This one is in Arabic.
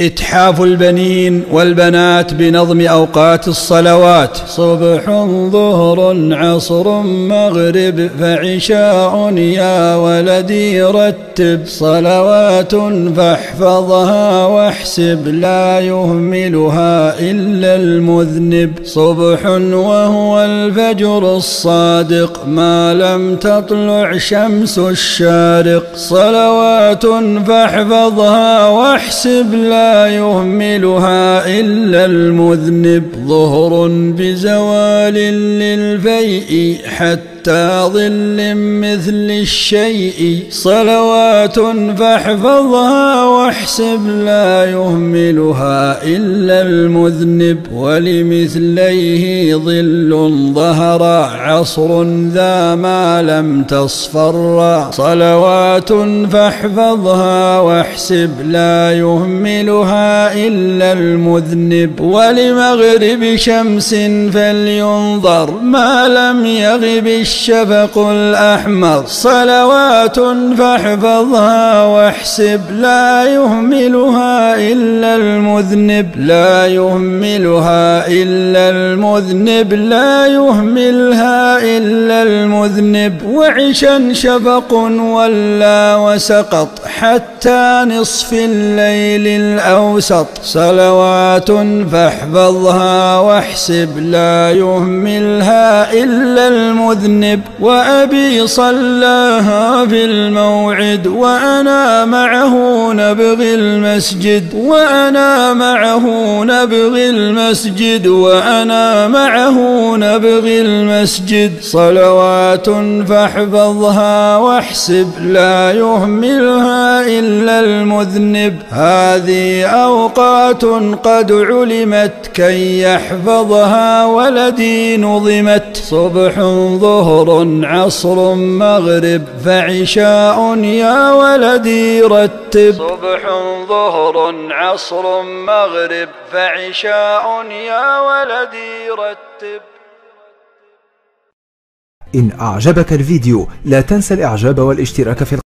إتحاف البنين والبنات بنظم أوقات الصلوات صبح ظهر عصر مغرب فعشاء يا ولدي رتب صلوات فاحفظها واحسب لا يهملها إلا المذنب صبح وهو الفجر الصادق ما لم تطلع شمس الشارق صلوات فاحفظها واحسب لا يهملها إلا المذنب ظهر بزوال للفيء حتى حتى ظل مثل الشيء صلوات فاحفظها واحسب لا يهملها إلا المذنب ولمثليه ظل ظهر عصر ذا ما لم تصفر صلوات فاحفظها واحسب لا يهملها إلا المذنب ولمغرب شمس فلينظر ما لم يغب الشبق الأحمر صلوات فاحفظها واحسب لا يهملها إلا المذنب لا يهملها إلا المذنب لا يهملها إلا المذنب وعشا شبق ولا وسقط حتى نصف الليل الأوسط صلوات فاحفظها واحسب لا يهملها إلا المذنب وأبي صلاها في الموعد وأنا معه نبغي المسجد وأنا معه نبغي المسجد وأنا معه نبغي المسجد صلوات فاحفظها واحسب لا يهملها إلا المذنب هذه أوقات قد علمت كي يحفظها ولدي نظمت صبح ظهر عصر مغرب فعشاء يا ولدي رتب صبح ظهر عصر مغرب فعشاء يا ولدي رتب إن أعجبك الفيديو لا تنسى الإعجاب والاشتراك في القناة